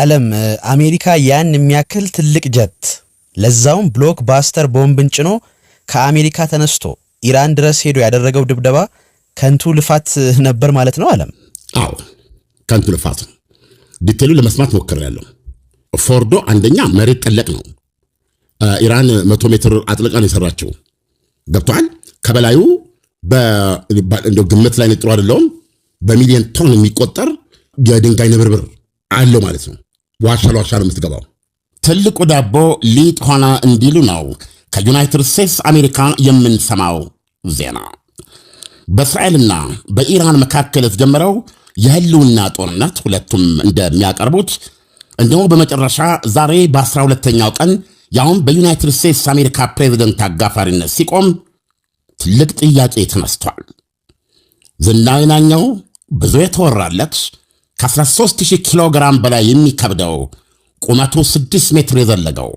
አለም አሜሪካ ያን የሚያክል ትልቅ ጀት ለዛውም ብሎክ ባስተር ቦምብን ጭኖ ከአሜሪካ ተነስቶ ኢራን ድረስ ሄዶ ያደረገው ድብደባ ከንቱ ልፋት ነበር ማለት ነው። አለም አዎ ከንቱ ልፋት። ዲቴሉ ለመስማት ያለው ፎርዶ አንደኛ መሬት ጠለቅ ነው። ኢራን መቶ ሜትር አጥልቃ ነው የሰራቸው። ገብቷል። ከበላዩ ግምት ላይ ጥሩ አይደለውም። በሚሊዮን ቶን የሚቆጠር የድንጋይ ንብርብር አለው ማለት ነው። ዋሻ ለዋሻ ነው የምትገባው። ትልቁ ዳቦ ሊጥ ሆነ እንዲሉ ነው ከዩናይትድ ስቴትስ አሜሪካ የምንሰማው ዜና። በእስራኤልና በኢራን መካከል የተጀመረው የህልውና ጦርነት ሁለቱም እንደሚያቀርቡት እንዲሁ በመጨረሻ ዛሬ 12 ሁለተኛው ቀን ያውም በዩናይትድ ስቴትስ አሜሪካ ፕሬዚደንት አጋፋሪነት ሲቆም ትልቅ ጥያቄ ተነስቷል። ዝናዊ ብዙ የተወራለት ከ13000 ኪሎ ግራም በላይ የሚከብደው ቁመቱ 6 ሜትር የዘለገው።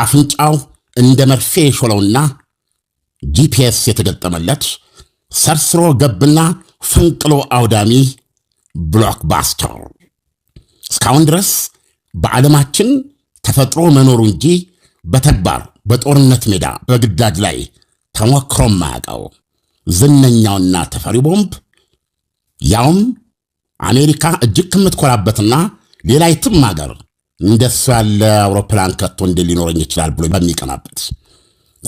አፍንጫው እንደ መርፌ የሾለውና ጂፒኤስ የተገጠመለት ሰርስሮ ገብና ፈንቅሎ አውዳሚ ብሎክባስተር እስካሁን ድረስ በዓለማችን ተፈጥሮ መኖሩ እንጂ በተግባር በጦርነት ሜዳ በግዳጅ ላይ ተሞክሮ ማያውቀው ዝነኛውና ተፈሪ ቦምብ ያውም አሜሪካ እጅግ ከምትኮራበትና ሌላ የትም ሀገር እንደሱ ያለ አውሮፕላን ከቶ እንደ ሊኖረኝ ይችላል ብሎ በሚቀናበት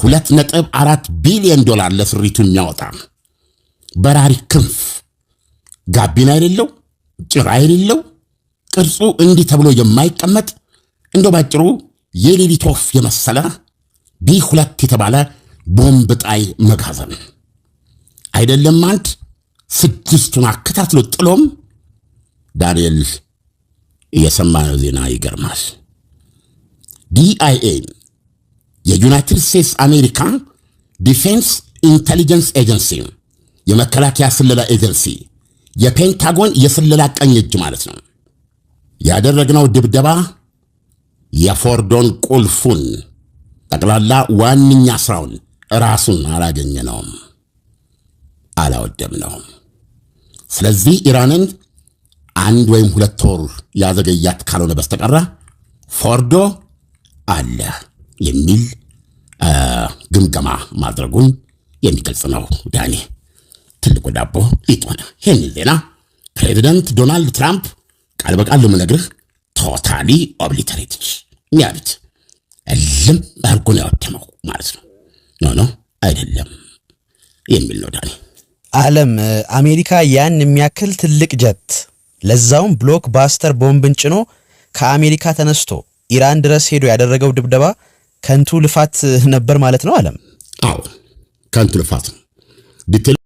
ሁለት ነጥብ አራት ቢሊዮን ዶላር ለስሪቱ የሚያወጣ በራሪ ክንፍ ጋቢና የሌለው ጭራ የሌለው ቅርጹ እንዲህ ተብሎ የማይቀመጥ እንደ ባጭሩ የሌሊት ወፍ የመሰለ ቢ ሁለት የተባለ ቦምብ ጣይ መጋዘን አይደለም አንድ ስድስቱን አከታትሎ ጥሎም ዳንኤል የሰማነው ዜና ይገርማል። ዲአይኤ የዩናይትድ ስቴትስ አሜሪካ ዲፌንስ ኢንቴሊጀንስ ኤጀንሲ የመከላከያ ስለላ ኤጀንሲ የፔንታጎን የስለላ ቀኝ እጅ ማለት ነው። ያደረግነው ድብደባ የፎርዶን ቁልፉን ጠቅላላ ዋነኛ ስራውን ራሱን አላገኘነውም፣ አላወደምነውም። ስለዚህ ኢራንን አንድ ወይም ሁለት ወር ያዘገያት ካልሆነ በስተቀራ ፎርዶ አለ የሚል ግምገማ ማድረጉን የሚገልጽ ነው። ዳኒ ትልቁ ዳቦ ሊጥ ይህን ዜና ፕሬዚደንት ዶናልድ ትራምፕ ቃል በቃል ልምነግርህ ቶታሊ ኦብሊተሬትች ሚያሉት እልም አድርጎ ያወደመው ማለት ነው። ኖ ኖ አይደለም የሚል ነው ዳኒ። አለም አሜሪካ ያን የሚያክል ትልቅ ጀት ለዛውም ብሎክ ባስተር ቦምብን ጭኖ ከአሜሪካ ተነስቶ ኢራን ድረስ ሄዶ ያደረገው ድብደባ ከንቱ ልፋት ነበር ማለት ነው አለም። አዎ ከንቱ ልፋት ነው።